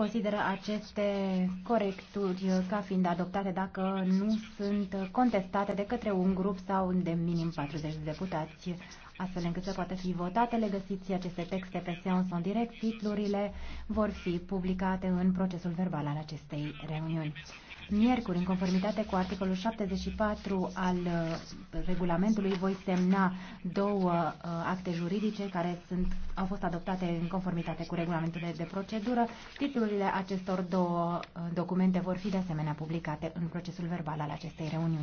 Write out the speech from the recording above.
consideră aceste corecturi ca fiind adoptate dacă nu sunt contestate de către un grup sau de minim 40 de deputați, astfel încât să poată fi votate. Le găsiți aceste texte pe seans în direct. Titlurile vor fi publicate în procesul verbal al acestei reuniuni. Miercuri, în conformitate cu articolul 74 al uh, regulamentului, voi semna două uh, acte juridice care sunt, au fost adoptate în conformitate cu regulamentul de procedură. Titlurile acestor două uh, documente vor fi de asemenea publicate în procesul verbal al acestei reuniuni.